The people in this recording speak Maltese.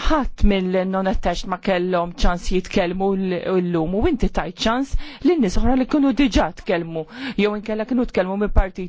ħadd mill-non attached ma kellhom ċans jitkellmu llum u inti tajt ċans lin nies oħra li kienu diġà tkellmu jew inkella kienu tkellmu mill partit